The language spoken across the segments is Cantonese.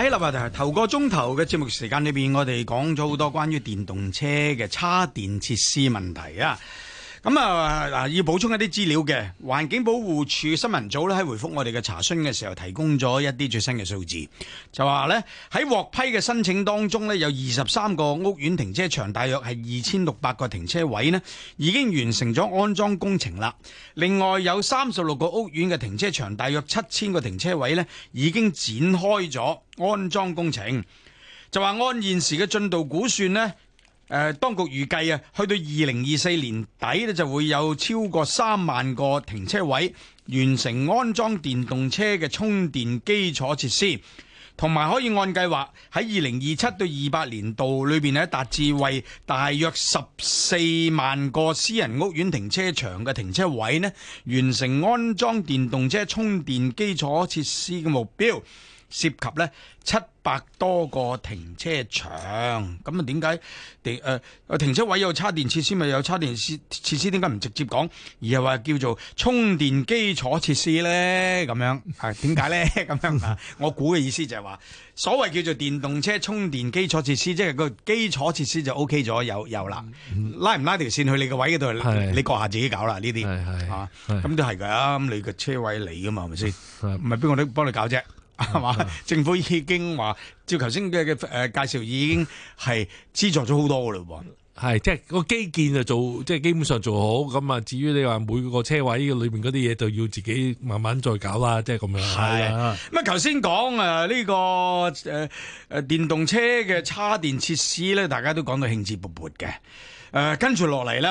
喺立話題，頭個鐘頭嘅節目時間裏面，我哋講咗好多關於電動車嘅叉電設施問題啊。咁啊，嗱，要補充一啲資料嘅環境保護署新聞組咧，喺回覆我哋嘅查詢嘅時候，提供咗一啲最新嘅數字，就話呢喺獲批嘅申請當中呢有二十三個屋苑停車場，大約係二千六百個停車位呢已經完成咗安裝工程啦。另外有三十六個屋苑嘅停車場，大約七千個停車位呢已經展開咗安裝工程。就話按現時嘅進度估算呢誒，當局預計啊，去到二零二四年底咧，就會有超過三萬個停車位完成安裝電動車嘅充電基礎設施，同埋可以按計劃喺二零二七到二八年度裏面咧，達至為大約十四萬個私人屋苑停車場嘅停車位咧，完成安裝電動車充電基礎設施嘅目標，涉及咧七百多個停車場咁啊？點解停誒誒停車位有叉電設施咪有叉電設設施？點解唔直接講而係話叫做充電基礎設施咧？咁樣係點解咧？咁樣啊？ 我估嘅意思就係話，所謂叫做電動車充電基礎設施，即係個基礎設施就 OK 咗，有有啦。拉唔拉條綫去你個位嗰度，你你閣下自己搞啦呢啲啊？咁都係噶，咁你個車位嚟噶嘛？係咪先？唔係邊個都幫你搞啫。係嘛？政府已經話照頭先嘅嘅誒介紹，已經係資助咗好多嘅嘞喎。係，即係個基建就做，即係基本上做好。咁啊，至於你話每個車位裏邊嗰啲嘢，就要自己慢慢再搞啦。即係咁樣。係。咁啊，頭先講誒呢個誒誒、呃、電動車嘅叉電設施咧，大家都講到興致勃勃嘅。誒、呃，跟住落嚟咧，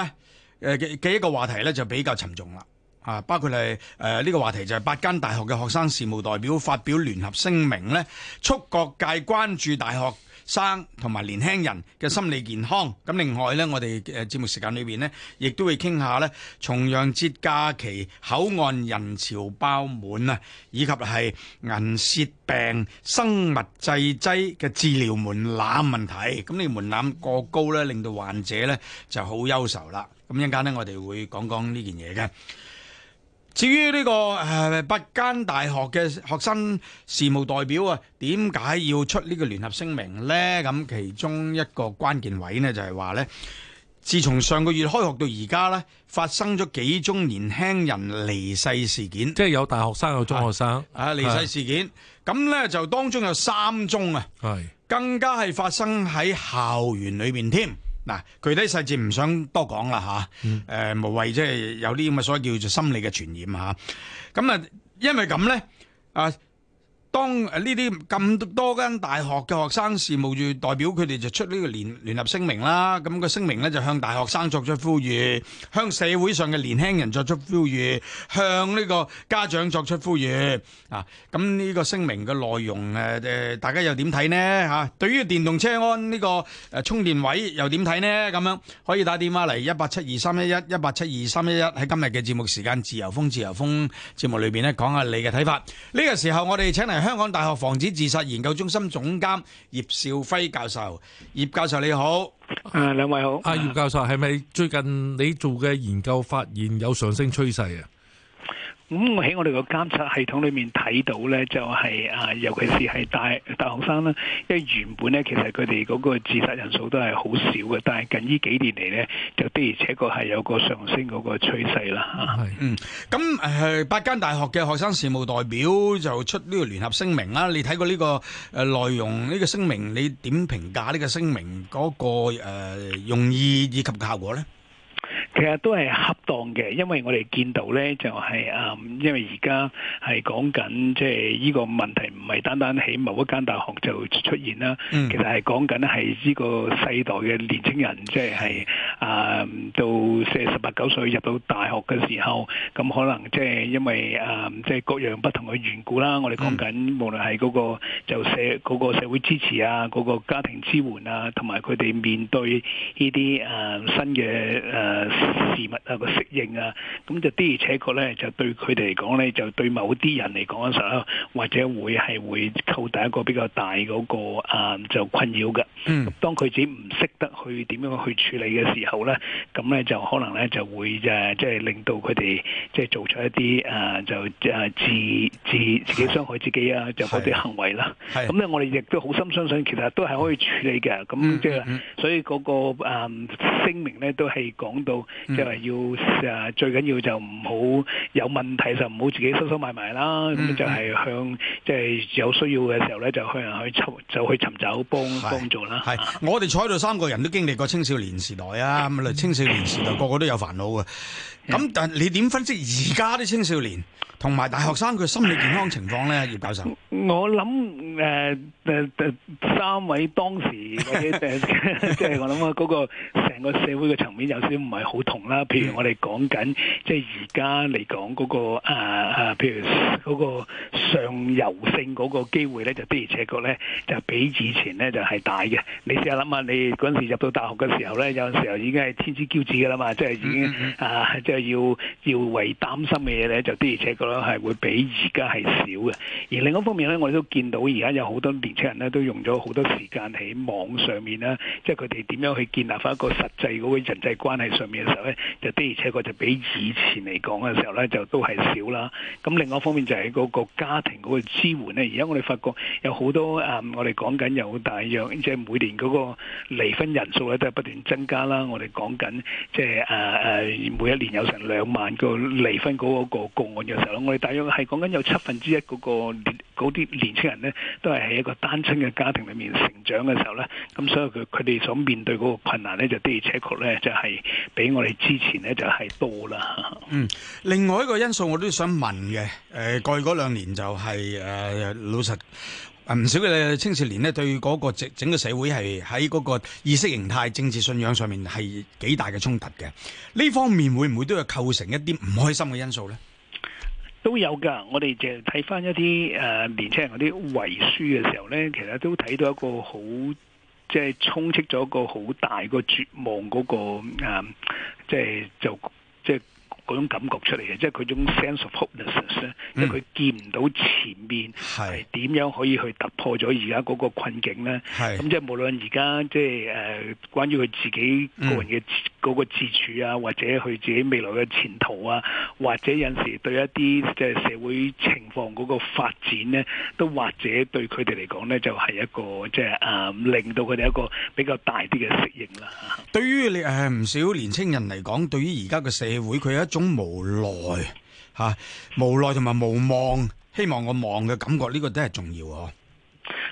誒嘅嘅一個話題咧，就比較沉重啦。啊，包括係誒呢個話題就係八間大學嘅學生事務代表發表聯合聲明呢，促各界關注大學生同埋年輕人嘅心理健康。咁另外呢，我哋誒節目時間裏邊呢，亦都會傾下呢，重陽節假期口岸人潮爆滿啊，以及係銀屑病生物製劑嘅治療門檻問題。咁你門檻過高呢，令到患者呢就好憂愁啦。咁一陣間呢，我哋會講講呢件嘢嘅。至於呢、這個誒、呃、八間大學嘅學生事務代表啊，點解要出呢個聯合聲明呢？咁其中一個關鍵位呢，就係、是、話呢：自從上個月開學到而家呢，發生咗幾宗年輕人離世事件，即係有大學生有中學生啊離世事件。咁呢，就當中有三宗啊，係更加係發生喺校園裏面添。嗱，具體細節唔想多講啦吓，誒、嗯呃、無謂，即係有啲咁嘅所謂叫做心理嘅傳染吓，咁啊，因為咁咧啊。當呢啲咁多間大學嘅學生事務處代表佢哋就出呢、那個聯聯合聲明啦，咁個聲明呢，就向大學生作出呼籲，向社會上嘅年輕人作出呼籲，向呢個家長作出呼籲啊！咁呢個聲明嘅內容誒誒、呃，大家又點睇呢？吓、啊，對於電動車安呢、這個誒、啊、充電位又點睇呢？咁樣可以打電話嚟一八七二三一一一八七二三一一，喺今日嘅節目時間，自由風自由風節目裏邊呢，講下你嘅睇法。呢、這個時候我哋請嚟。香港大學防止自殺研究中心總監葉兆輝教授，葉教授你好、啊，兩位好。阿、啊、葉教授，係咪最近你做嘅研究發現有上升趨勢啊？咁我喺我哋個監測系統裏面睇到咧，就係啊，尤其是係大大學生啦，因為原本咧其實佢哋嗰個自殺人數都係好少嘅，但係近呢幾年嚟咧，就的而且確係有個上升嗰個趨勢啦嚇。係嗯，咁係八間大學嘅學生事務代表就出呢個聯合聲明啦。你睇過呢個誒內容呢個聲明，你點評價呢個聲明嗰個誒用意以及效果咧？其實都係恰當嘅，因為我哋見到呢，就係、是、啊、嗯，因為而家係講緊即係呢個問題唔係單單喺某一間大學就出現啦。其實係講緊係呢個世代嘅年青人，即係啊到四十八九歲入到大學嘅時候，咁可能即係因為啊即係各樣不同嘅緣故啦。我哋講緊無論係嗰個就社嗰、個社會支持啊，嗰、個家庭支援啊，同埋佢哋面對呢啲啊新嘅誒，呃事物啊個適應啊，咁就的而且確咧，就對佢哋嚟講咧，就對某啲人嚟講嗰陣啦，或者會係會構大一個比較大嗰個啊就困擾嘅。嗯，當佢自己唔識得去點樣去處理嘅時候咧，咁咧就可能咧就會即係即係令到佢哋即係做出一啲啊就啊自自自己傷害自己啊，就嗰啲行為啦。係，咁咧我哋亦都好深相信，其實都係可以處理嘅。咁即係，所以嗰個啊聲明咧都係講到。即係要啊！最緊要就唔好有問題就唔好自己收收埋埋啦。咁就係向即係有需要嘅時候咧，就去去尋就去尋找幫幫助啦。係我哋坐喺度，三個人都經歷過青少年時代啊！咁啊，青少年時代個個都有煩惱啊。咁但係你點分析而家啲青少年同埋大學生佢心理健康情況咧？葉教授，我諗誒誒誒，三位當時即係我諗啊，嗰個成個社會嘅層面有少少唔係好。唔同啦，譬如我哋講緊，即係而家嚟講嗰個啊啊，譬如嗰個上游性嗰個機會咧，就的而且確咧就比以前咧就係大嘅。你試下諗下，你嗰陣時入到大學嘅時候咧，有陣時候已經係天之驕子噶啦嘛，即係已經啊，即係要要為擔心嘅嘢咧，就的而且確啦，係會比而家係少嘅。而另一方面咧，我哋都見到而家有好多年青人咧，都用咗好多時間喺網上面啦，即係佢哋點樣去建立翻一個實際嗰個人際關係上面。的時候咧，就的而且確就比以前嚟講嘅時候咧，就都係少啦。咁另外一方面就係嗰個家庭嗰個支援咧。而家我哋發覺有好多啊、嗯，我哋講緊有大約即係每年嗰個離婚人數咧都係不斷增加啦。我哋講緊即係啊啊，每一年有成兩萬個離婚嗰個個案嘅時候，我哋大約係講緊有七分之一嗰、嗰個。嗰啲年青人呢，都係喺一個單親嘅家庭裏面成長嘅時候呢，咁所以佢佢哋所面對嗰個困難呢，就的而且確呢，就係比我哋之前呢，就係多啦。嗯，另外一個因素我都想問嘅，誒過去嗰兩年就係誒老實，唔少嘅青少年呢，對嗰個整整個社會係喺嗰個意識形態、政治信仰上面係幾大嘅衝突嘅。呢方面會唔會都有構成一啲唔開心嘅因素呢？都有噶，我哋淨係睇翻一啲誒年輕人嗰啲遺書嘅時候咧，其實都睇到一個好即係充斥咗一個好大個絕望嗰個誒，即係就即係。嗰種感覺出嚟嘅，即係佢種 sense of hopelessness、嗯、咧，即係佢見唔到前面係點樣可以去突破咗而家嗰個困境咧。咁即係無論而家即係誒、呃，關於佢自己個人嘅嗰個自處啊、嗯，或者佢自己未來嘅前途啊，或者有時對一啲即係社會情況嗰個發展咧，都或者對佢哋嚟講咧，就係、是、一個即係誒，令到佢哋一個比較大啲嘅適應啦。對於你誒唔少年青人嚟講，對於而家嘅社會，佢有一種。無奈吓，無奈同埋無望，希望我望嘅感覺，呢個都係重要哦。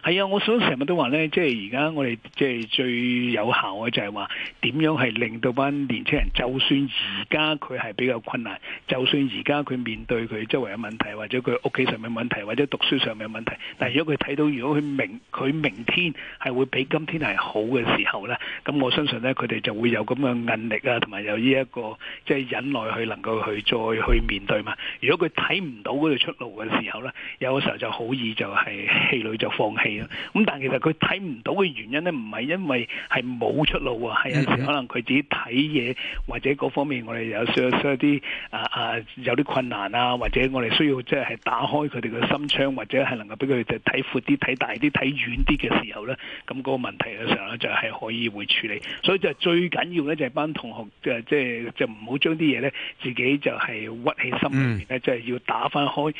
係啊，我想成日都話咧，即係而家我哋即係最有效嘅就係話點樣係令到班年青人，就算而家佢係比較困難，就算而家佢面對佢周圍嘅問題，或者佢屋企上面問題，或者讀書上面嘅問題，但係如果佢睇到如果佢明佢明天係會比今天係好嘅時候咧，咁我相信咧佢哋就會有咁嘅韌力啊，同埋有呢一個即係忍耐去能夠去再去面對嘛。如果佢睇唔到嗰度出路嘅時候咧，有嘅時候就好易就係氣餒就放棄。咁但係其實佢睇唔到嘅原因咧，唔係因為係冇出路需要需要啊，係、啊、有陣時可能佢自己睇嘢或者嗰方面，我哋有少少啲啊啊有啲困難啊，或者我哋需要即係打開佢哋嘅心窗，或者係能夠俾佢哋睇闊啲、睇大啲、睇遠啲嘅時候咧，咁嗰個問題嘅時候咧就係可以會處理。所以就最緊要咧就係班同學即係即係就唔好將啲嘢咧自己就係屈喺心裏面咧，即、就、係、係、要打翻開，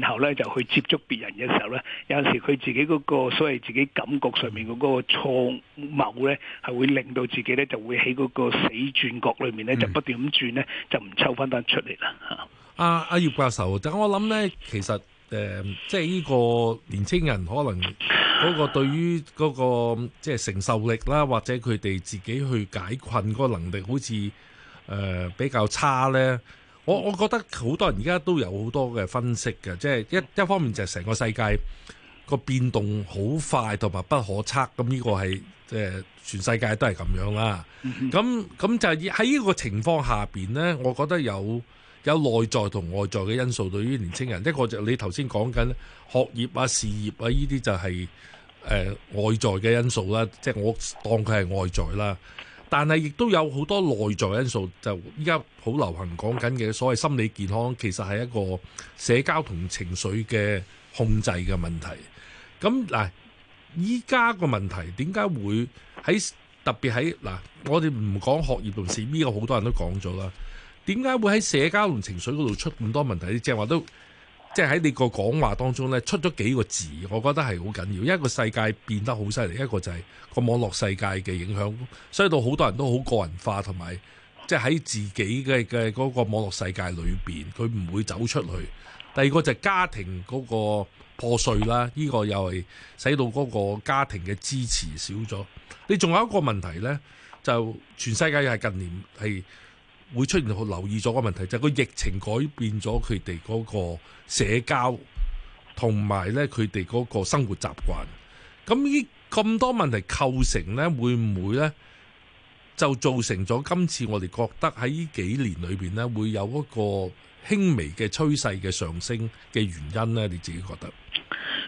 然後咧就去接觸別人嘅時候咧，有陣時佢自己嗰。那個所謂自己感覺上面嗰個錯誤咧，係會令到自己咧就會喺嗰個死轉角裏面咧就不斷咁轉咧，就唔抽翻得出嚟啦嚇。阿、啊、阿葉教授，我諗咧其實誒，即係呢個年青人可能嗰個對於嗰、那個即係、就是、承受力啦，或者佢哋自己去解困嗰個能力好似誒、呃、比較差咧。我我覺得好多人而家都有好多嘅分析嘅，即、就、係、是、一一方面就係成個世界。個變動好快同埋不可測，咁呢個係即全世界都係咁樣啦。咁咁就喺呢個情況下面呢，我覺得有有內在同外在嘅因素對於年青人。一個就你頭先講緊學業啊、事業啊呢啲就係呃外在嘅因素啦，即係我當佢係外在啦。但係亦都有好多內在因素，就依家好流行講緊嘅所謂心理健康，其實係一個社交同情緒嘅控制嘅問題。咁嗱，依家個問題點解會喺特別喺嗱，我哋唔講學業同事呢個好多人都講咗啦。點解會喺社交同情緒嗰度出咁多問題？即係話都即係喺你個講話當中呢，出咗幾個字，我覺得係好緊要。一個世界變得好犀利，一個就係個網絡世界嘅影響，所以到好多人都好個人化同埋，即係喺自己嘅嘅嗰個網絡世界裏面，佢唔會走出去。第二個就係家庭嗰個破碎啦，呢個又係使到嗰個家庭嘅支持少咗。你仲有一個問題呢，就全世界又係近年係會出現留意咗個問題，就係個疫情改變咗佢哋嗰個社交同埋呢佢哋嗰個生活習慣。咁呢咁多問題構成呢，會唔會呢？就造成咗今次我哋覺得喺呢幾年裏面呢，會有一個輕微嘅趨勢嘅上升嘅原因呢，你自己覺得？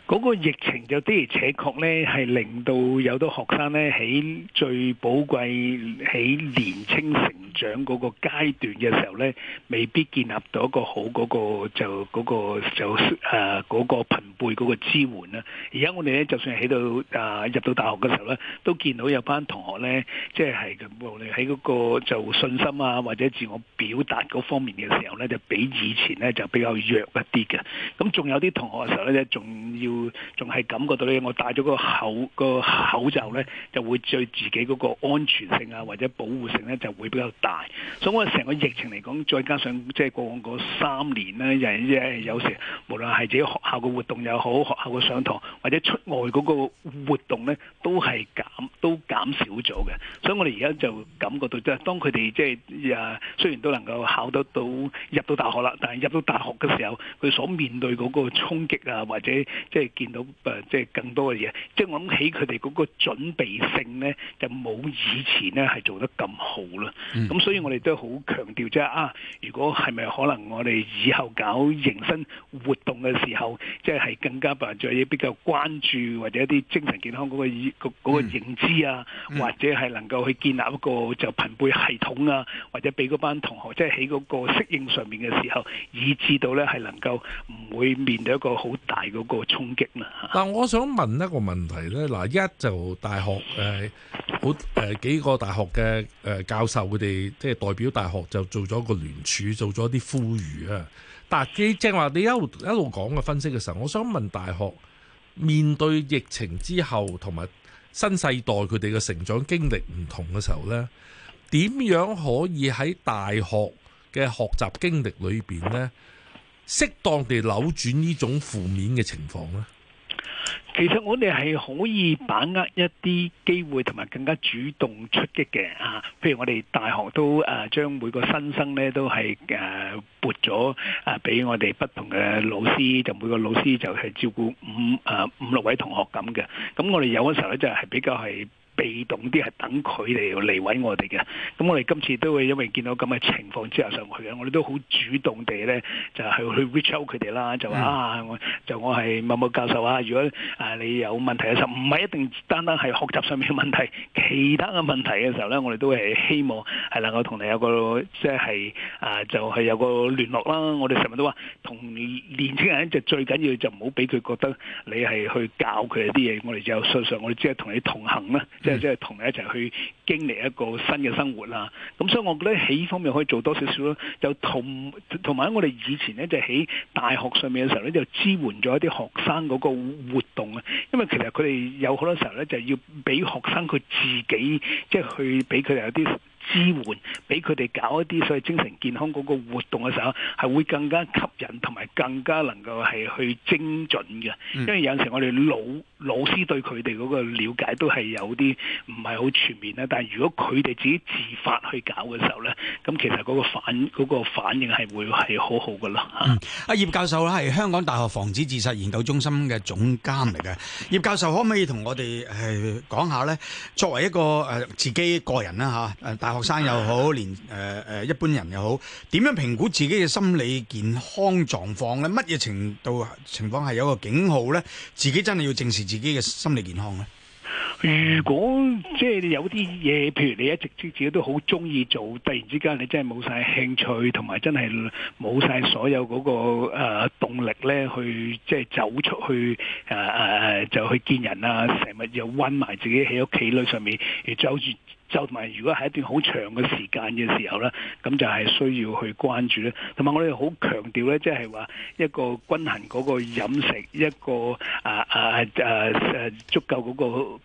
嗰、那個疫情就的而且確咧，係令到有好多學生咧喺最寶貴、喺年輕成長嗰個階段嘅時候咧，未必建立到一個好嗰、那個就嗰、那個就誒嗰、啊那個朋輩嗰個支援啦。而家我哋咧，就算喺到誒、啊、入到大學嘅時候咧，都見到有班同學咧，即係無論喺嗰個就信心啊，或者自我表達嗰方面嘅時候咧，就比以前咧就比較弱一啲嘅。咁仲有啲同學嘅時候咧，仲要。仲係感覺到咧，我戴咗個口、個口罩咧，就會對自己嗰個安全性啊，或者保護性咧，就會比較大。所以，我哋成個疫情嚟講，再加上即係、就是、過往嗰三年咧，人即係有時，無論係自己學校嘅活動又好，學校嘅上堂，或者出外嗰個活動咧，都係減都減少咗嘅。所以我哋而家就感覺到，即係當佢哋即係啊，雖然都能夠考得到入到大學啦，但係入到大學嘅時候，佢所面對嗰個衝擊啊，或者即係。見到誒，即係更多嘅嘢，即係我諗起佢哋嗰個準備性咧，就冇以前咧係做得咁好啦。咁所以我哋都好強調即係啊，如果係咪可能我哋以後搞迎新活動嘅時候，即係係更加白，在啲比較關注或者一啲精神健康嗰個意個嗰個認知啊，或者係能夠去建立一個就朋輩系統啊，或者俾嗰班同學即係喺嗰個適應上面嘅時候，以至到咧係能夠唔會面對一個好大嗰個衝擊。但我想問一個問題呢，嗱一就大學誒，好誒幾個大學嘅誒教授佢哋，即係代表大學就做咗個聯署，做咗啲呼籲啊。但係佢正話你一路一路講嘅分析嘅時候，我想問大學面對疫情之後同埋新世代佢哋嘅成長經歷唔同嘅時候呢，點樣可以喺大學嘅學習經歷裏邊呢？適當地扭轉呢種負面嘅情況咧，其實我哋係可以把握一啲機會，同埋更加主動出擊嘅啊！譬如我哋大學都誒、啊、將每個新生咧都係誒撥咗啊，俾、啊、我哋不同嘅老師，就每個老師就係照顧五誒、啊、五六位同學咁嘅。咁我哋有時候咧，就係比較係，被動啲係等佢哋嚟揾我哋嘅，咁我哋今次都會因為見到咁嘅情況之下上去嘅，我哋都好主動地咧，就係、是、去 reach out 佢哋啦，就話、yeah. 啊我，就我係某某教授啊，如果、啊、你有問題嘅時候，唔係一定單單係學習上面嘅問題，其他嘅問題嘅時候咧，我哋都係希望係能夠同你有個即係就係、是啊就係、有個聯絡啦。我哋成日都話，同年青人就最緊要就唔好俾佢覺得你係去教佢哋啲嘢，我哋就純粹我哋只係同你同行啦。即係同你一齊去經歷一個新嘅生活啦。咁所以，我覺得喺呢方面可以做多少少咯。就同同埋，我哋以前咧就喺大學上面嘅時候咧，就支援咗一啲學生嗰個活動啊。因為其實佢哋有好多時候咧，就要俾學生佢自己，即係去俾佢哋有啲。支援俾佢哋搞一啲所謂精神健康嗰個活動嘅時候，係會更加吸引同埋更加能夠係去精準嘅，因為有陣時我哋老老師對佢哋嗰個瞭解都係有啲唔係好全面啦。但係如果佢哋自己自發去搞嘅時候咧，咁其實嗰個反嗰個反應係會係好好噶啦。嗯，阿葉教授咧，係香港大學防止自殺研究中心嘅總監嚟嘅，葉教授可唔可以同我哋誒講下咧？作為一個誒、呃、自己個人啦吓誒大學。學生又好，連誒誒、呃、一般人又好，點樣評估自己嘅心理健康狀況咧？乜嘢程度情況係有一個警號咧？自己真係要正視自己嘅心理健康咧？如果即係、就是、有啲嘢，譬如你一直自自己都好中意做，突然之間你真係冇晒興趣，同埋真係冇晒所有嗰、那個誒、呃、動力咧，去即係走出去誒誒、呃，就去見人啊，成日又困埋自己喺屋企裏上面，誒就好似。就同埋，如果係一段好長嘅時間嘅時候咧，咁就係需要去關注咧。同埋我哋好強調咧，即係話一個均衡嗰個飲食，一個啊啊誒、啊、足夠嗰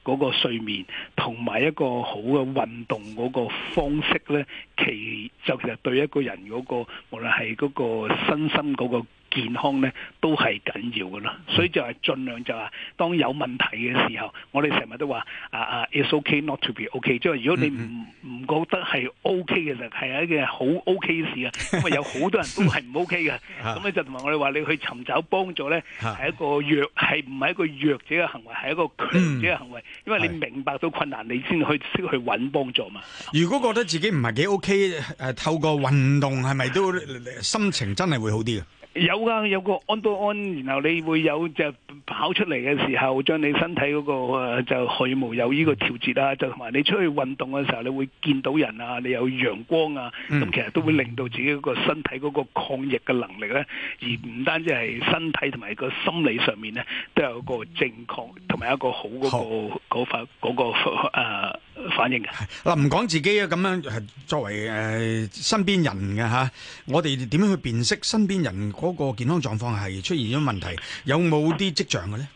個嗰個睡眠，同埋一個好嘅運動嗰個方式咧，其就其實對一個人嗰個無論係嗰個身心嗰個健康咧都係緊要嘅咯，所以就係儘量就話、是，當有問題嘅時候， 我哋成日都話啊啊，it's okay not to be okay。即係如果你唔唔 覺得係 OK 嘅，其實係一件好 OK 嘅事啊。因為，有好多人都係唔 OK 嘅。咁 咧就同埋我哋話，你去尋找幫助咧，係 一個弱，係唔係一個弱者嘅行為，係一個強者嘅行為。 因為你明白到困難，你先去識去揾幫助嘛。如果覺得自己唔係幾 OK，誒、呃、透過運動係咪都心情真係會好啲嘅？有啊有個安多安，然後你會有就跑出嚟嘅時候，將你身體、嗰個誒就汗毛有呢個調節啦，就同埋你出去運動嘅時候，你會見到人啊，你有陽光啊，咁其實都會令到自己個身體個抗疫嘅能力咧、嗯，而唔單止係身體同埋個心理上面咧，都有個正確同埋一個好嗰、嗰個嗰塊、嗰個誒反應嘅。嗱唔講自己啊，咁樣係作為誒身邊人嘅吓，我哋點樣去辨識身邊人？嗰、那個健康狀況係出現咗問題，有冇啲跡象嘅咧？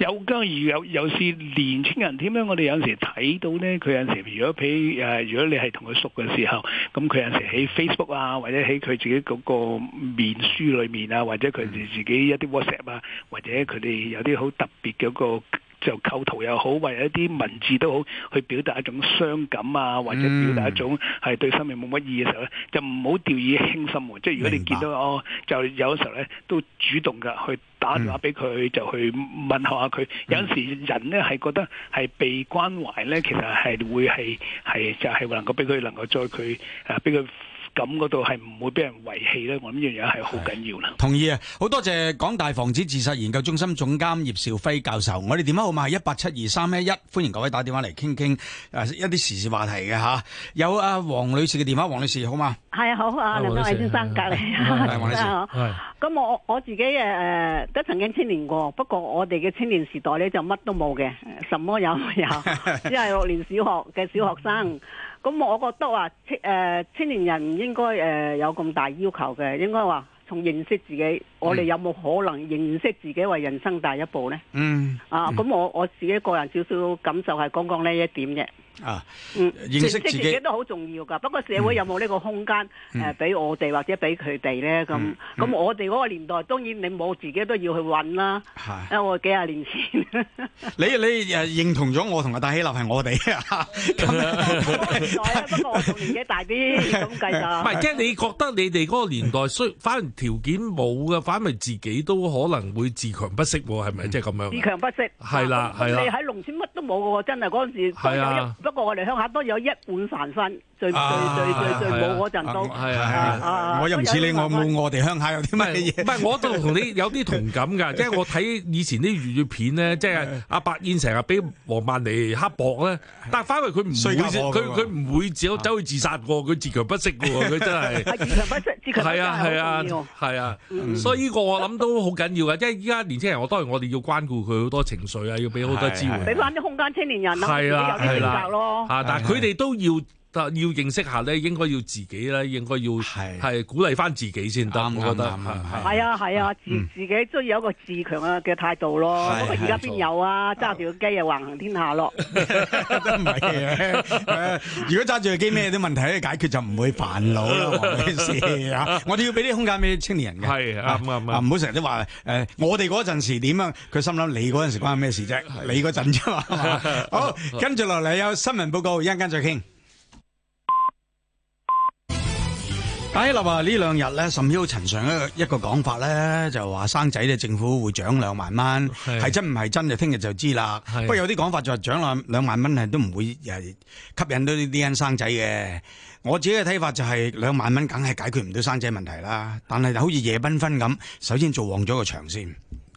有噶，而有又是年青人添咧。我哋有陣時睇到咧，佢有陣時如，如果譬誒如果你係同佢熟嘅時候，咁佢有陣時喺 Facebook 啊，或者喺佢自己個面書裏面啊，或者佢哋自己一啲 WhatsApp 啊，或者佢哋有啲好特別嘅個。就構圖又好，或者一啲文字都好，去表達一種傷感啊，或者表達一種係對生命冇乜意義嘅時候咧，就唔好掉以輕心喎、啊。即係如果你見到哦，就有時候咧都主動㗎，去打電話俾佢，就去問候下佢。有陣時候人咧係覺得係被關懷咧，其實係會係係就係能夠俾佢能夠再佢誒俾佢，啊咁嗰度係唔會俾人遺棄咧，我諗呢樣嘢係好緊要啦。同意啊！好多謝港大防止自殺研究中心總監葉兆輝教授。我哋電話號碼係一八七二三一一，歡迎各位打電話嚟傾傾誒一啲時事話題嘅嚇。有阿黃女士嘅電話，黃女士好嗎？係啊，好啊，你喺先生隔離啊，先生嚇。咁我我自己誒誒都曾經青年過，不過我哋嘅青年時代咧就乜都冇嘅，什麼有冇有？只係六年小學嘅小學生。咁我覺得啊，青、呃、青年人唔應該、呃、有咁大要求嘅，應該話從認識自己，嗯、我哋有冇可能認識自己為人生第一步呢？嗯、嗯啊，咁我我自己個人少少感受係講講呢一點嘅。啊，認識即係自己都好重要㗎。不過社會有冇呢個空間誒，俾我哋或者俾佢哋咧？咁咁我哋嗰個年代，當然你冇自己都要去揾啦。因為，我幾廿年前。你你誒認同咗我同阿戴希立係我哋啊？咁我唔在啊，不過我仲年紀大啲，咁計咋？唔係即係你覺得你哋嗰個年代衰，反而條件冇嘅，反而自己都可能會自強不息喎？係咪即係咁樣？自強不息係啦係啦。你喺農村乜都冇喎，真係嗰陣時。係啊。不過我哋鄉下都有一碗飯分，最最最最最冇嗰陣都、啊，啊啊、我又唔似你，我冇我哋鄉下有啲乜嘢，唔係、啊啊啊啊啊啊，我都同你有啲同感㗎，即係我睇以前啲粵語片咧，即係、啊、阿白燕成日俾黃曼梨刻薄咧，但係翻佢唔會佢，佢佢唔會走走去自殺喎，佢自強不息喎，佢真係自強不息，自強不息係啊係啊係啊，所以呢個我諗都好緊要嘅，即係依家年輕人，我當然我哋要關顧佢好多情緒啊，要俾好多機會，俾翻啲空間青年人啦，係啦，有啲、啊啊！但係佢哋都要。要認識下咧，應該要自己咧，應該要係係鼓勵翻自己先得，我覺得係啊係啊，自自己都要有個自強嘅態度咯。而家邊有啊？揸住個機又橫行天下咯， 都唔係是、啊 呃、如果揸住個機咩啲問題，解決就唔會煩惱啦。事啊？ 我哋要俾啲空間俾青年人嘅。係啊，唔好成日都話誒，我哋嗰陣時點啊？佢心諗你嗰陣時關咩事啫？ 你嗰陣啫嘛。好，跟住落嚟有新聞報告，一陣間再傾。但係立話呢兩日咧，甚囂塵上一個一個講法咧，就話生仔咧，政府會獎兩萬蚊，係真唔係真就聽日就知啦。不過有啲講法就話獎兩萬蚊係都唔會誒吸引到呢啲人生仔嘅。我自己嘅睇法就係兩萬蚊梗係解決唔到生仔問題啦。但係好似夜繽紛咁，首先做旺咗個場先。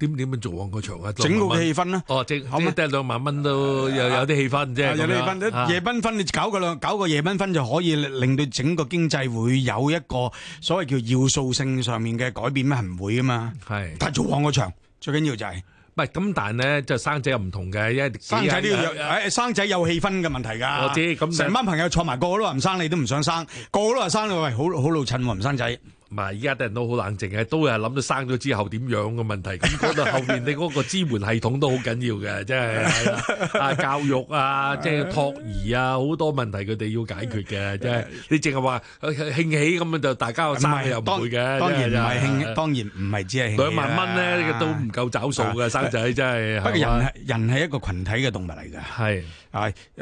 點點樣做旺個場啊？整個氣氛啦，哦，可唔可以兩萬蚊都又有啲氣氛，即係啦。夜繽紛，你搞個兩，搞個夜繽紛就可以令到整個經濟會有一個所謂叫要素性上面嘅改變咩？唔會啊嘛。係，但係做旺個場，最緊要就係，喂咁。但係咧，就生仔又唔同嘅，因為生仔都要，唉，生仔有氣氛嘅問題噶。我知，咁成班朋友坐埋，個個都話唔生，你都唔想生，個個都話生嘅，喂，好好老襯喎，唔生仔。唔係依家啲人都好冷靜嘅，都係諗到生咗之後點樣嘅問題。咁講到後面，你嗰個支援系統都好緊要嘅，即係啊！教育啊，即、就、係、是、託兒啊，好多問題佢哋要解決嘅，即係。你淨係話興起咁樣就大家生又生又唔會嘅，當然唔係興？當然唔係只係兩萬蚊咧、啊，都唔夠找數嘅、啊、生仔，真係。不過人係人係一個群體嘅動物嚟㗎。係誒、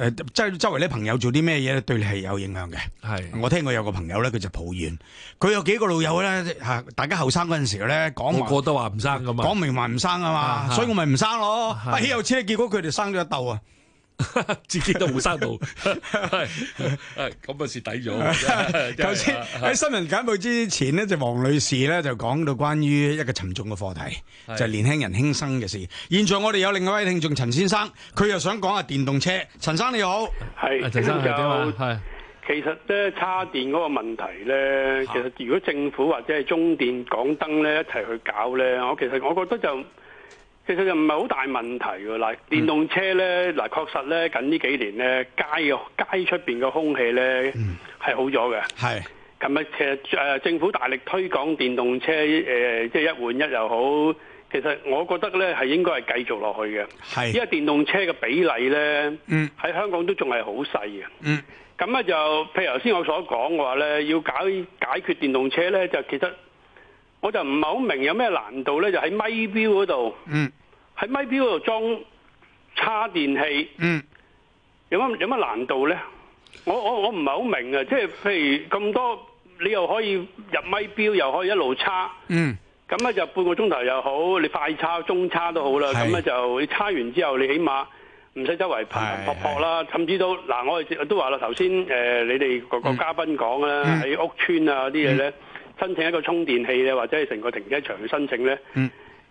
啊，周周圍啲朋友做啲咩嘢咧，對你係有影響嘅。係的，我聽過有個朋友咧，佢就抱怨，佢有幾個老友咧吓，大家後生嗰陣時咧，講過都話唔生噶嘛，講明話唔生啊嘛，啊所以我咪唔生咯。豈、啊、有此理，結果佢哋生咗一竇啊！自己都冇收到，咁啊蝕底咗。頭先喺新聞簡報之前咧，就黃女士咧就講到關於一個沉重嘅課題，就係年輕人輕生嘅事。現在我哋有另外一位聽眾陳先生，佢又想講下電動車。陳生你好，係陳生你好？係其實咧，叉電嗰個問題咧，其實如果政府或者係中電、港燈咧一齊去搞咧，我其實我覺得就。其實就唔係好大問題嘅嗱，電動車咧嗱、嗯，確實咧近呢幾年咧街街出邊嘅空氣咧係、嗯、好咗嘅。係，琴日其實誒、呃、政府大力推廣電動車誒，即、呃、係、就是、一換一換又好。其實我覺得咧係應該係繼續落去嘅。係，因為電動車嘅比例咧喺香港都仲係好細嘅。嗯，咁啊、嗯、就譬如頭先我所講嘅話咧，要搞解、解決電動車咧，就其實我就唔係好明有咩難度咧，就喺咪錶嗰度。嗯。喺咪錶度裝叉電器，有乜有乜難度咧？我我我唔係好明啊！即係譬如咁多，你又可以入咪錶，又可以一路插，咁、嗯、咧就半個鐘頭又好，你快叉、中叉都好啦。咁咧就你叉完之後，你起碼唔使周圍拍頻撲啦。甚至都嗱，我哋都話啦，頭先誒你哋個個嘉賓講啦，喺、嗯、屋邨啊啲嘢咧，申請一個充電器咧，或者係成個停車場去申請咧。嗯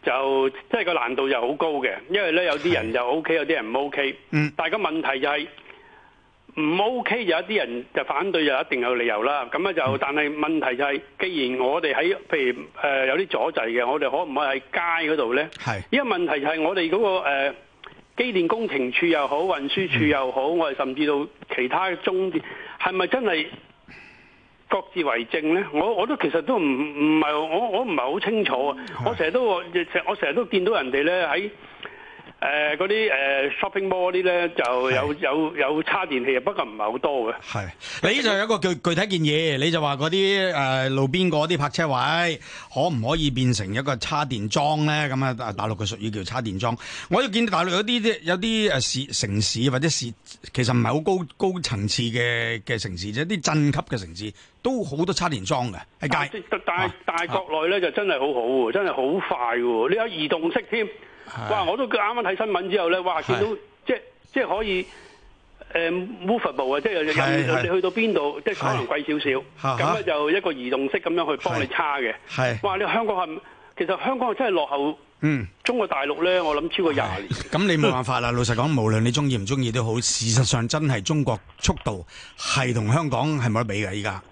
就即係個難度就好高嘅，因為咧有啲人就 OK，有啲人唔 OK。嗯，但個問題就係唔 OK，有一啲人就反對，就一定有理由啦。咁啊就，但係問題就係，既然我哋喺譬如呃有啲阻滯嘅，我哋可唔可以喺街嗰度咧？係。呢個問題就係我哋嗰個呃機電工程署又好，運輸署又好，嗯、我哋甚至到其他中，係咪真係？各自為政咧，我我都其實都唔唔係我我唔係好清楚啊，我成日都我成日都見到人哋咧喺。誒、呃，嗰啲誒 shopping mall 啲咧就有有有叉電器啊，不過唔係好多嘅。你就有一個具具體建議，你就話嗰啲誒路邊嗰啲泊車位可唔可以變成一個叉電樁咧？咁啊，大陸嘅術語叫叉電樁。我哋見大陸有啲有啲誒市城市或者市，其實唔係好高高層次嘅嘅城市啫，啲鎮級嘅城市都好多叉電樁嘅喺街。但但但國內咧就真係好好喎，真係好快喎，你有移動式添。哇！我都啱啱睇新聞之後咧，哇！見到即即可以、uh, moveable 啊，即係你去到邊度，即係可能貴少少，咁咧就一個移動式咁樣去幫你叉嘅。哇！你香港係其實香港係真係落後。嗯，中國大陸咧，我諗超過廿年。咁你冇辦法啦，老實講，無論你中意唔中意都好，事實上真係中國速度係同香港係冇得比嘅依家。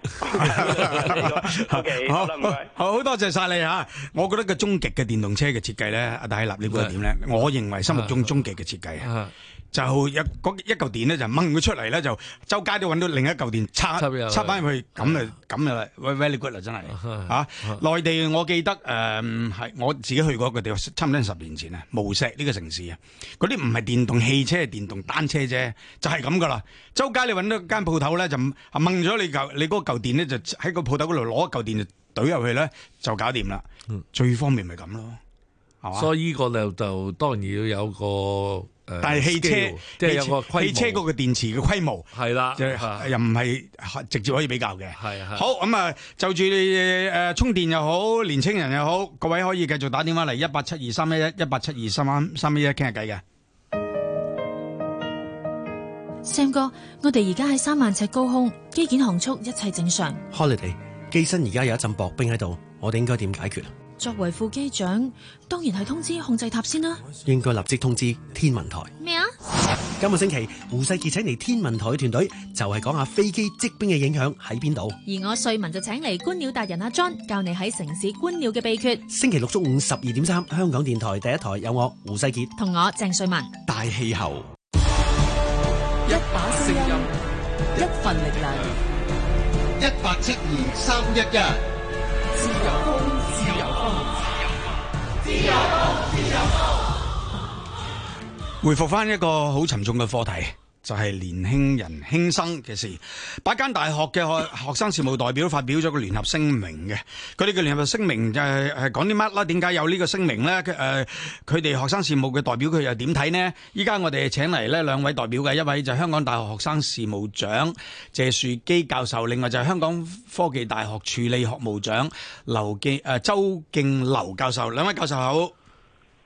好，好多謝晒你吓，我覺得個終極嘅電動車嘅設計咧，阿戴立立，你估點咧？我認為心目中終極嘅設計啊。就一嗰一嚿電咧，就掹佢出嚟咧，就周街都揾到另一嚿電插插翻入去，咁啊咁啊，very good 啦，真係嚇！內地我記得誒，係我自己去過一個地方，差唔多十年前啊，無錫呢個城市啊，嗰啲唔係電動汽車，係電動單車啫，就係咁噶啦。周街你揾到間鋪頭咧，就掹咗你嚿你嗰嚿電咧，就喺個鋪頭嗰度攞一嚿電就懟入去咧，就搞掂啦。嗯，最方便咪咁咯，係嘛？所以呢個咧就當然要有個。但係汽車，嗯、即係有個汽車嗰個電池嘅規模，係啦，又唔係直接可以比較嘅。係係。好，咁啊，就住你誒、呃、充電又好，年青人又好，各位可以繼續打電話嚟一八七二三一一一八七二三三一一傾下偈嘅。Sam 哥，我哋而家喺三萬尺高空，機件航速一切正常。Holiday，機身而家有一陣薄冰喺度，我哋應該點解決？作為副機長，當然係通知控制塔先啦。應該立即通知天文台。咩啊？今個星期，胡世傑請嚟天文台團隊，就係講下飛機積冰嘅影響喺邊度。而我瑞文就請嚟觀鳥達人阿 john，教你喺城市觀鳥嘅秘訣。星期六中午十二點三，香港電台第一台有我胡世傑同我鄭瑞文。大氣候，一把聲音，一份力量，一八七二三一一。回復翻一個好沉重嘅課題。就係年輕人輕生嘅事，八間大學嘅學學生事務代表發表咗個聯合聲明嘅。佢哋嘅聯合聲明就係講啲乜啦？點解有呢個聲明呢？誒，佢哋學生事務嘅代表佢又點睇呢？依家我哋請嚟咧兩位代表嘅，一位就係香港大學學生事務長謝樹基教授，另外就係香港科技大學署理學務長劉敬誒周敬流教授，兩位教授好。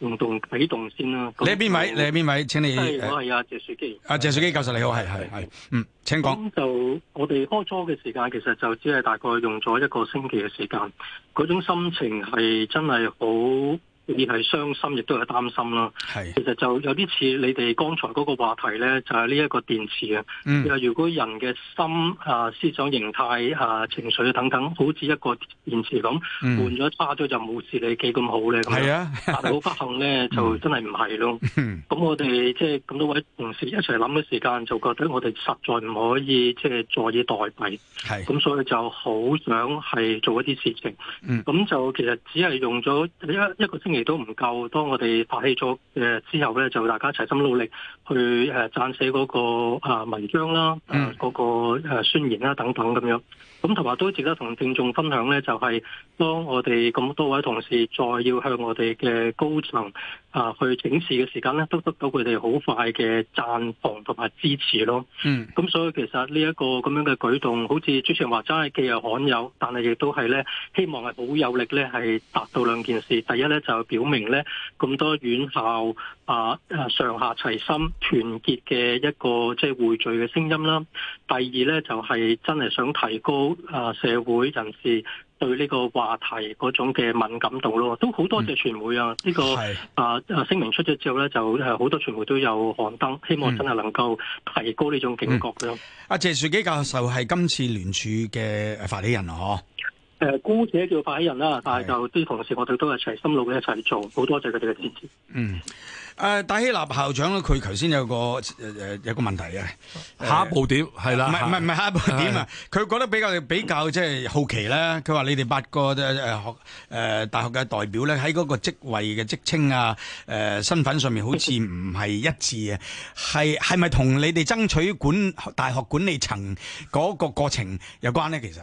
用動啟動先啦！你喺邊位？你喺邊位？請你，我係阿謝樹基，啊謝樹基教授你好，係係係，嗯，請講。就我哋開初嘅時間，其實就只係大概用咗一個星期嘅時間，嗰種心情係真係好。而係傷心，亦都係擔心啦。係其實就有啲似你哋剛才嗰個話題咧，就係呢一個電池啊。嗯，又如果人嘅心啊、思想、形態啊、情緒等等，好似一個電池咁，嗯，換咗叉咗就冇事你，你幾咁好咧。係啊，但係好不幸咧， 就真係唔係咯。咁、嗯、我哋即係咁多位同事一齊諗嘅時間，就覺得我哋實在唔可以即係坐以待斃。係。咁所以就好想係做一啲事情。咁、嗯、就其實只係用咗一一個星期。亦都唔夠，當我哋發起咗誒之後咧，就大家齊心努力去誒撰寫嗰個、mm. 啊文章啦，嗰、那個誒宣言啦等等咁樣。咁同埋都值得同聽眾分享咧，就係當我哋咁多位同事再要向我哋嘅高層啊去請示嘅時間咧，都得到佢哋好快嘅贊同同埋支持咯。嗯，咁所以其實呢一個咁樣嘅舉動，好似之前話齋係幾有罕有，但係亦都係咧希望係好有力咧，係達到兩件事。第一咧就表明咧咁多院校啊，誒上下齊心團結嘅一個即係匯聚嘅聲音啦。第二咧就係、是、真係想提高啊社會人士對呢個話題嗰種嘅敏感度咯。都好多謝傳媒啊，呢、嗯這個啊聲明出咗之後咧，就係好多傳媒都有刊登，希望真係能夠提高呢種警覺咯。阿、嗯、謝樹基教授係今次聯署嘅發起人啊，誒、呃，姑且叫發起人啦，但係就啲同事，我哋都係齊心路攞一齊做好，多謝佢哋嘅支持。嗯，誒、呃，戴希立校長咧，佢頭先有個誒誒、呃、有個問題啊，下一步點係啦？唔係唔係，唔係唔係唔係下一步點啊？佢覺得比較比較即係好奇咧。佢話：他說你哋八個誒誒學大學嘅代表咧，喺嗰個職位嘅職稱啊、誒、呃、身份上面，好似唔係一致啊。係係咪同你哋爭取管大學管理層嗰個過程有關咧？其實？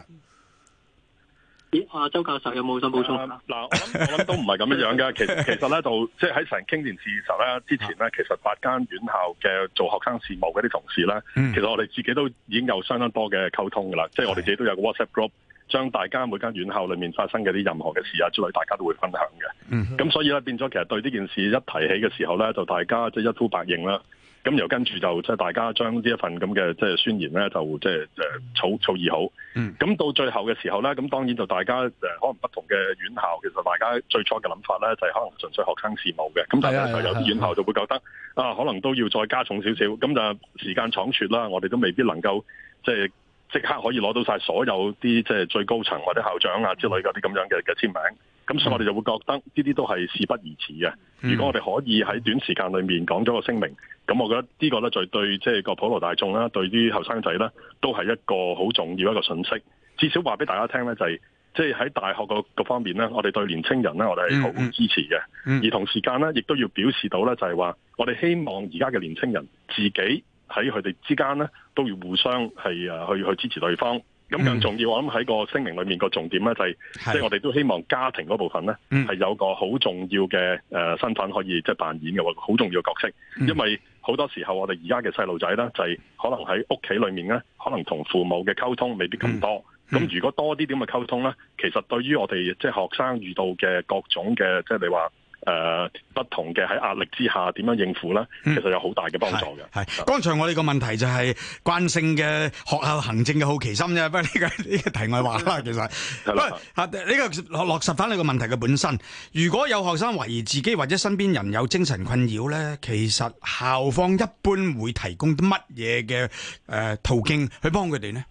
咦，阿周教授有冇想補充嗱？我諗我諗都唔係咁樣樣嘅。其實其實咧，就即係喺成傾件事嘅時候咧，之前咧，其實八間院校嘅做學生事務嗰啲同事咧、嗯，其實我哋自己都已經有相當多嘅溝通噶啦。即係我哋自己都有個 WhatsApp group，將大家每間院校裏面發生嘅啲任何嘅事啊，諸類，大家都會分享嘅。咁、嗯、所以咧，變咗其實對呢件事一提起嘅時候咧，就大家即係一呼百應啦。咁又跟住就即係大家將呢一份咁嘅即係宣言咧，就即係誒草草擬好。嗯。咁到最後嘅時候咧，咁當然就大家誒可能不同嘅院校，其實大家最初嘅諗法，咧就係可能純粹學生事務嘅。咁、嗯、但係就有啲院校就會覺得、嗯、啊，可能都要再加重少少。咁就時間倉促啦，我哋都未必能夠即係即刻可以攞到晒所有啲即係最高層或者校長啊之類嗰啲咁樣嘅嘅簽名。咁、嗯、所以我哋就會覺得呢啲都係事不宜遲嘅。如果我哋可以喺短時間裏面講咗個聲明，咁我覺得呢個咧，就對即係個普羅大眾啦，對於後生仔咧，都係一個好重要一個信息。至少話俾大家聽、就、咧、是，就係即係喺大學個方面咧，我哋對年青人咧，我哋係好支持嘅、嗯嗯嗯。而同時間咧，亦都要表示到咧，就係話我哋希望而家嘅年青人自己喺佢哋之間咧，都要互相係去去支持對方。咁、嗯、更重要，我諗喺個聲明裏面個重點咧、就是，就係即係我哋都希望家庭嗰部分咧，係、嗯、有個好重要嘅誒身份可以即係、就是、扮演嘅好重要嘅角色。嗯、因為好多時候我哋而家嘅細路仔咧，就係、是、可能喺屋企裏面咧，可能同父母嘅溝通未必咁多。咁、嗯、如果多啲點嘅溝通咧，其實對於我哋即係學生遇到嘅各種嘅，即、就、係、是、你話。誒、呃，不同嘅喺壓力之下點樣應付咧？其實有好大嘅幫助嘅。係、嗯、剛才我哋個問題就係慣性嘅學校行政嘅好奇心啫，不過呢個呢個題外話啦，其實喂過呢個落實翻你個問題嘅本身。如果有學生懷疑自己或者身邊人有精神困擾咧，其實校方一般會提供乜嘢嘅誒途徑去幫佢哋呢？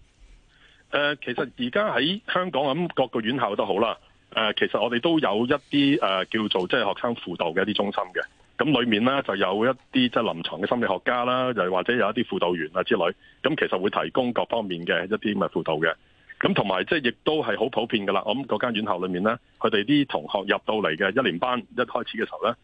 誒、呃，其實而家喺香港咁，各個院校都好啦。誒、呃，其實我哋都有一啲誒、呃、叫做即係學生輔導嘅一啲中心嘅，咁裏面咧就有一啲即係臨牀嘅心理學家啦，又或者有一啲輔導員啊之類，咁其實會提供各方面嘅一啲咁嘅輔導嘅，咁同埋即係亦都係好普遍噶啦。我諗嗰間院校裏面咧，佢哋啲同學入到嚟嘅一年班一開始嘅時候咧，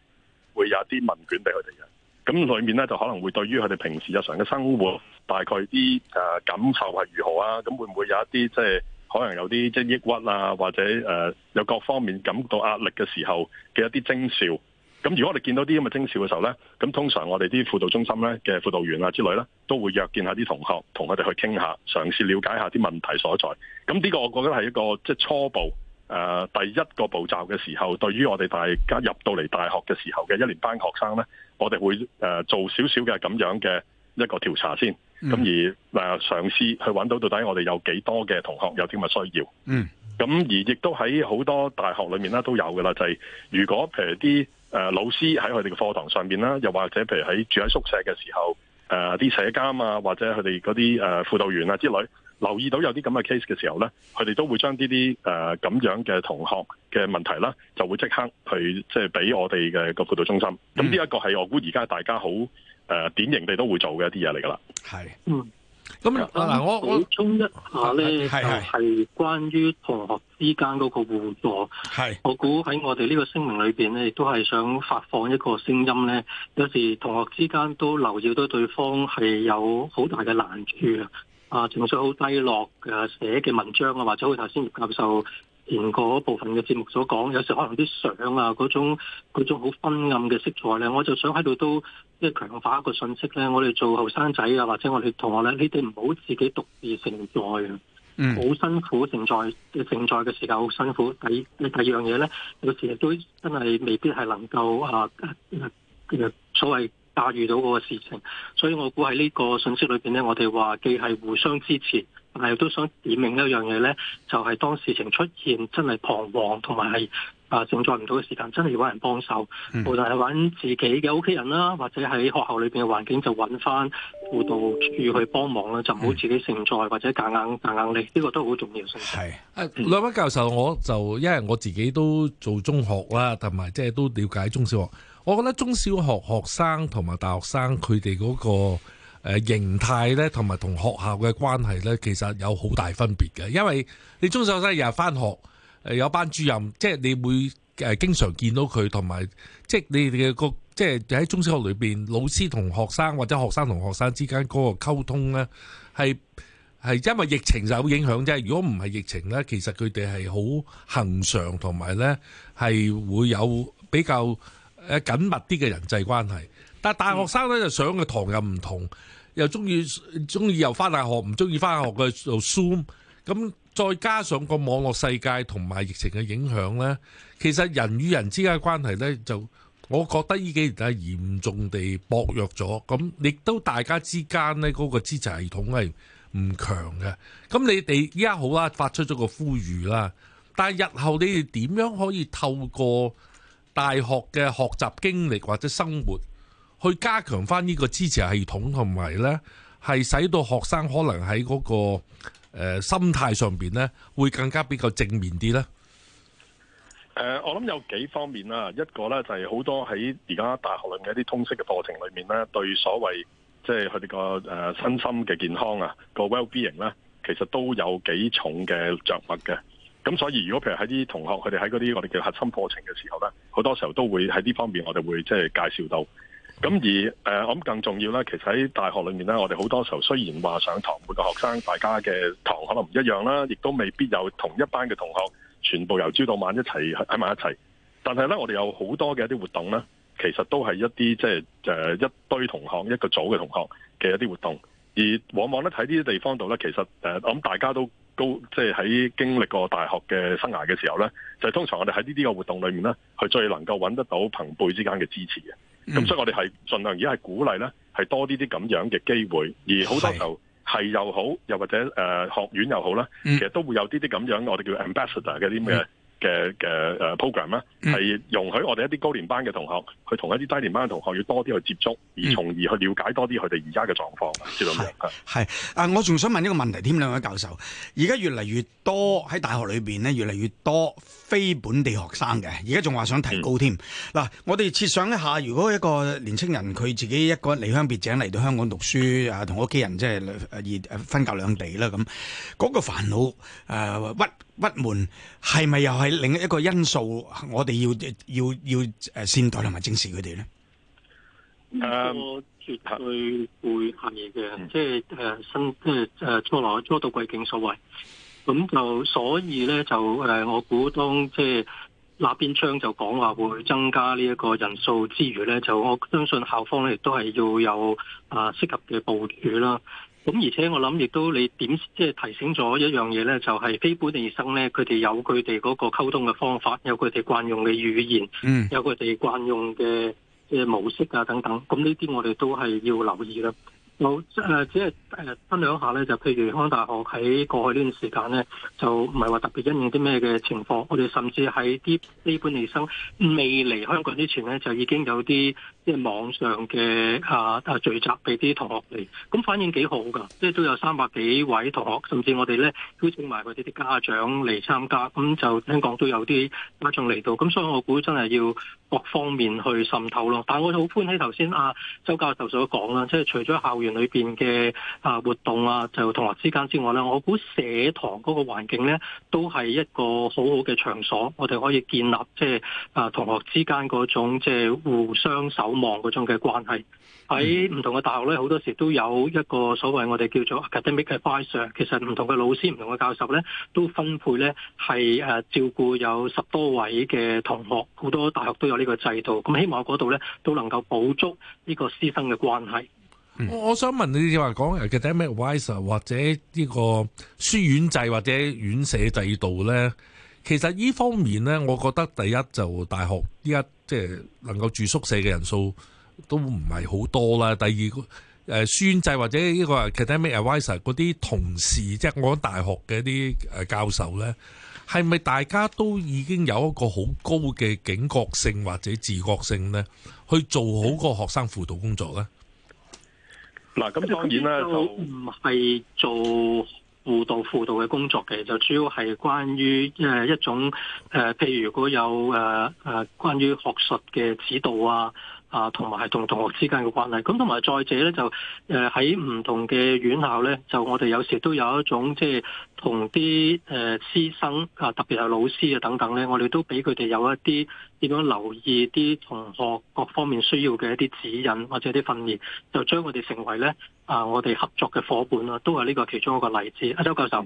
會有一啲問卷俾佢哋嘅，咁裏面咧就可能會對於佢哋平時日常嘅生活，大概啲誒、呃、感受係如何啊？咁會唔會有一啲即係、就是可能有啲即係抑鬱啊，或者誒、呃、有各方面感到壓力嘅時候嘅一啲徵兆。咁如果我哋見到啲咁嘅徵兆嘅時候咧，咁通常我哋啲輔導中心咧嘅輔導員啊之類咧，都會約見下啲同學，同佢哋去傾下，嘗試了解下啲問題所在。咁呢個我覺得係一個即係、就是、初步誒、呃、第一個步驟嘅時候，對於我哋大家入到嚟大學嘅時候嘅一年班學生咧，我哋會誒、呃、做少少嘅咁樣嘅一個調查先。咁、嗯、而嗱，嘗試去揾到到底我哋有幾多嘅同學有啲乜需要？嗯，咁而亦都喺好多大學裏面啦，都有噶啦。就係、是、如果譬如啲誒、呃、老師喺佢哋嘅課堂上面啦，又或者譬如喺住喺宿舍嘅時候，誒、呃、啲社監啊，或者佢哋嗰啲誒輔導員啊之類留意到有啲咁嘅 case 嘅時候咧，佢哋都會將呢啲誒咁樣嘅同學嘅問題啦，就會即刻去即係俾我哋嘅個輔導中心。咁呢一個係我估而家大家好。誒、呃，典型地都會做嘅一啲嘢嚟噶啦，係，嗯，咁、嗯、啊嗱，我補充一下咧，係係、嗯就係、關於同學之間嗰個互助，係，我估喺我哋呢個聲明裏邊咧，亦都係想發放一個聲音咧，有時同學之間都留意到對方係有好大嘅難處啊，啊、呃，情緒好低落嘅寫嘅文章啊，或者我頭先葉教授，前嗰部分嘅節目所講，有時可能啲相啊，嗰種嗰種好昏暗嘅色彩咧，我就想喺度都即係強化一個信息咧。我哋做後生仔啊，或者我哋同學咧，你哋唔好自己獨自承載啊。好辛苦承載嘅承載嘅時間好辛苦。第第二樣嘢咧，有時亦都真係未必係能夠啊所謂駕馭到嗰個事情，所以我估喺呢個信息裏邊咧，我哋話既係互相支持。但係都想點明一樣嘢咧，就係、是、當事情出現真係彷徨同埋係啊承載唔到嘅時間，真係要揾人幫手、嗯，無論係揾自己嘅屋企人啦，或者喺學校裏邊嘅環境就揾翻輔導處去幫忙啦、嗯，就唔好自己承載或者夾硬夾硬力，呢、這個都好重要。係誒兩位教授，我就因為我自己都做中學啦，同埋即係都了解中小學我覺得中小學學生同埋大學生佢哋嗰個。誒形態咧，同埋同學校嘅關係咧，其實有好大分別嘅。因為你中小學生日日翻學，誒有班主任，即係你會誒經常見到佢，同埋即係你哋嘅個即係喺中小學裏面，老師同學生或者學生同學生之間嗰個溝通咧，係係因為疫情就好影響啫。如果唔係疫情咧，其實佢哋係好恒常，同埋咧係會有比較誒緊密啲嘅人際關係。但係大學生咧就上嘅堂又唔同。又中意中意又翻大學，唔中意翻學嘅又 Zoom，咁再加上個網絡世界同埋疫情嘅影響呢，其實人與人之間嘅關係呢，就我覺得呢幾年係嚴重地薄弱咗。咁亦都大家之間呢，嗰個支持系統係唔強嘅。咁你哋依家好啦，發出咗個呼籲啦，但係日後你哋點樣可以透過大學嘅學習經歷或者生活？去加強翻呢個支持系統，同埋呢係使到學生可能喺嗰、嗰個、呃、心態上邊呢會更加比較正面啲呢、呃、我諗有幾方面啦、啊，一個呢就係、係、好多喺而家大學裏嘅一啲通識嘅課程裏面呢，對所謂即係佢哋個誒身心嘅健康啊，個 well-being 呢，其實都有幾重嘅着墨嘅。咁所以如果譬如喺啲同學佢哋喺嗰啲我哋叫核心課程嘅時候呢，好多時候都會喺呢方面我哋會即係介紹到。咁而誒，我、呃、諗更重要咧，其實喺大學裏面咧，我哋好多時候雖然話上堂，每個學生大家嘅堂可能唔一樣啦，亦都未必有同一班嘅同學全部由朝到晚一齊喺埋一齊。但係咧，我哋有好多嘅一啲活動咧，其實都係一啲即係誒一堆同學一個組嘅同學嘅一啲活動。而往往咧喺呢啲地方度咧，其實誒、呃，我諗大家都高即係喺經歷過大學嘅生涯嘅時候咧，就係、通常我哋喺呢啲嘅活動裏面咧，佢最能夠揾得到朋輩之間嘅支持嘅。咁、嗯、所以我哋係盡量而家係鼓勵咧，係多啲啲咁樣嘅機會，而好多時候係又好，又或者誒、呃、學院又好啦，其實都會有啲啲咁樣，我哋叫 ambassador 嘅啲咩？嗯嗯嘅嘅誒 program 咧，係容許我哋一啲高年班嘅同學，佢同一啲低年班嘅同學要多啲去接觸，而從而去了解多啲佢哋而家嘅狀況。知道咩？係係，啊！我仲想問一個問題添，兩位教授，而家越嚟越多喺大學裏邊咧，越嚟越多非本地學生嘅，而家仲話想提高添。嗱、嗯，我哋設想一下，如果一個年青人佢自己一個人離鄉別井嚟到香港讀書啊，同屋企人即係分隔兩地啦，咁、那、嗰個煩惱屈。呃 What? 不滿係咪又係另一個因素我哋，我哋要要要誒善待同埋正視佢哋咧。Um, 我絕對會係嘅，uh，即係誒新即係誒初來初到貴境所為。咁就所以咧，就誒我估當即係邊窗就講話會增加呢一個人數之餘咧，就我相信校方咧亦都係要有啊適合嘅部署啦。咁而且我諗亦都你點即係提醒咗一樣嘢咧，就係非本地生咧，佢哋有佢哋嗰個溝通嘅方法，有佢哋慣用嘅語言，有佢哋慣用嘅嘅模式啊等等。咁呢啲我哋都係要留意啦。有即係分享下咧，就譬如香港大學喺過去呢段時間咧，就唔係話特別因應啲咩嘅情況，我哋甚至喺啲非本地生未嚟香港之前咧，就已經有啲。即係網上嘅啊啊聚集俾啲同學嚟，咁反應幾好㗎，即係都有三百幾位同學，甚至我哋咧邀請埋嗰啲啲家長嚟參加，咁就聽講都有啲家長嚟到，咁所以我估真係要各方面去滲透咯。但係我好歡喜頭先阿周教授所講啦，即係除咗校園裏邊嘅啊活動啊，就同學之間之外咧，我估社堂嗰個環境咧，都係一個好好嘅場所，我哋可以建立即係啊同學之間嗰種即係互相守。望嗰種嘅關係喺唔同嘅大學咧，好多時都有一個所謂我哋叫做 academic adviser，其實唔同嘅老師、唔同嘅教授咧，都分配咧係誒照顧有十多位嘅同學，好多大學都有呢個制度。咁希望嗰度咧都能夠補足呢個師生嘅關係、嗯。我想問你話講 academic adviser 或者呢個書院制或者院舍制度咧，其實呢方面咧，我覺得第一就大學依家。即係能夠住宿舍嘅人數都唔係好多啦。第二，誒，宣製或者呢個 academic advisor 嗰啲同事，即係我講大學嘅啲誒教授咧，係咪大家都已經有一個好高嘅警覺性或者自覺性咧，去做好個學生輔導工作咧？嗱，咁當然啦，就唔係做。輔導輔導嘅工作嘅就主要係關於誒一種誒，譬如如果有誒誒關於學術嘅指導啊。啊，同埋係同同學之間嘅關係，咁同埋再者咧，就誒喺唔同嘅院校咧，就我哋有時都有一種即係同啲誒師生啊，特別係老師啊等等咧，我哋都俾佢哋有一啲點樣留意啲同學各方面需要嘅一啲指引，或者一啲訓練，就將我哋成為咧啊，我哋合作嘅夥伴啦。都係呢個其中一個例子。阿周教授。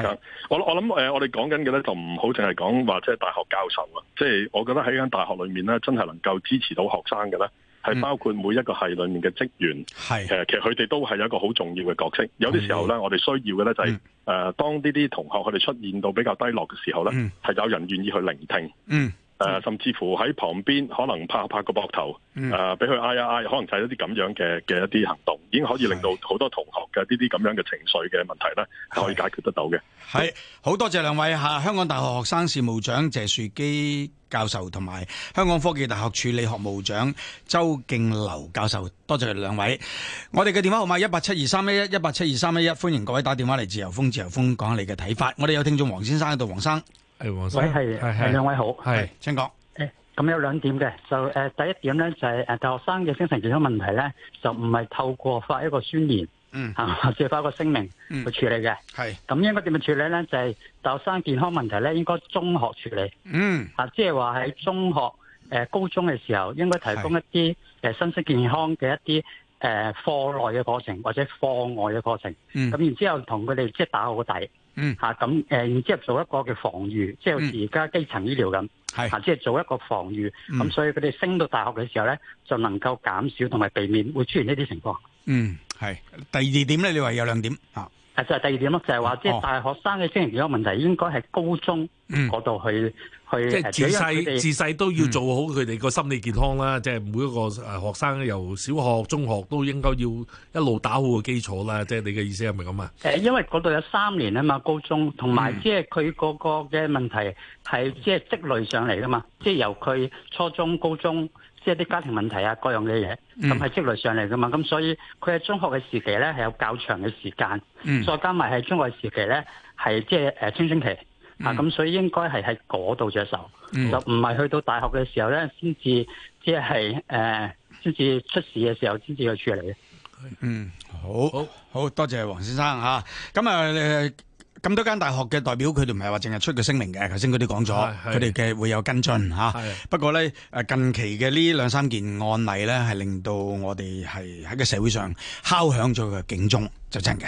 係，我我諗誒，我哋、呃、講緊嘅咧就唔好淨係講話即係大學教授啊，即、就、係、是、我覺得喺間大學裏面咧，真係能夠支持到學生嘅咧，係、嗯、包括每一個系裏面嘅職員，係誒、呃，其實佢哋都係有一個好重要嘅角色。有啲時候咧，我哋需要嘅咧就係、是、誒、嗯呃，當呢啲同學佢哋出現到比較低落嘅時候咧，係、嗯、有人願意去聆聽。嗯.呃、甚至乎喺旁邊可能拍拍個膊頭，誒、呃，俾佢嗌一嗌，可能就一啲咁樣嘅嘅一啲行動，已經可以令到好多同學嘅呢啲咁樣嘅情緒嘅問題咧，可以解決得到嘅。係，好多謝兩位吓，香港大學學生事務長謝樹基教授同埋香港科技大學署理學務長周敬流教授，多謝兩位。我哋嘅電話號碼一八七二三一一一八七二三一一，歡迎各位打電話嚟自由風，自由風講下你嘅睇法。我哋有聽眾黃先生喺度，黃生。喂，係係兩位好，係。請講。誒，咁有兩點嘅，就誒、呃、第一點咧就係、是、誒大學生嘅精神健康問題咧，就唔係透過發一個宣言，嗯吓，或者發一個聲明，去處理嘅。係、嗯，咁應該點樣處理咧？就係、是、大學生健康問題咧，應該中學處理。嗯，啊，即係話喺中學誒、呃、高中嘅時候，應該提供一啲誒身心健康嘅一啲。誒課內嘅課程或者課外嘅課程，咁、嗯、然之後同佢哋即係打好底，嚇咁誒，然之後做一個嘅防御，即係好似而家基層醫療咁，嚇，即係做一個防御，咁、嗯嗯、所以佢哋升到大學嘅時候咧，就能夠減少同埋避免會出現呢啲情況。嗯，係。第二點咧，你話有兩點啊。係就係第二點咯，就係話即係大學生嘅精神健康問題，應該係高中嗰度去去。即係自細自細都要做好佢哋個心理健康啦，即係每一個誒學生由小學中學都應該要一路打好個基礎啦。即係你嘅意思係咪咁啊？誒，因為嗰度有三年啊嘛，高中同埋即係佢個個嘅問題係即係積累上嚟噶嘛，即係由佢初中、高中。即係啲家庭問題啊，各樣嘅嘢，咁係積累上嚟㗎嘛，咁所以佢喺中學嘅時期咧係有較長嘅時間，再、嗯、加埋喺中學嘅時期咧係即係誒青春期、嗯、啊，咁所以應該係喺嗰度着手，就唔係去到大學嘅時候咧先至即係誒先至出事嘅時候先至去處理嘅。嗯，好好好多謝黃先生嚇，咁啊。咁多間大學嘅代表，佢哋唔係話淨係出個聲明嘅，頭先佢哋講咗，佢哋嘅會有跟進吓。不過咧，誒近期嘅呢兩三件案例咧，係令到我哋係喺個社會上敲響咗佢嘅警鐘，就真嘅。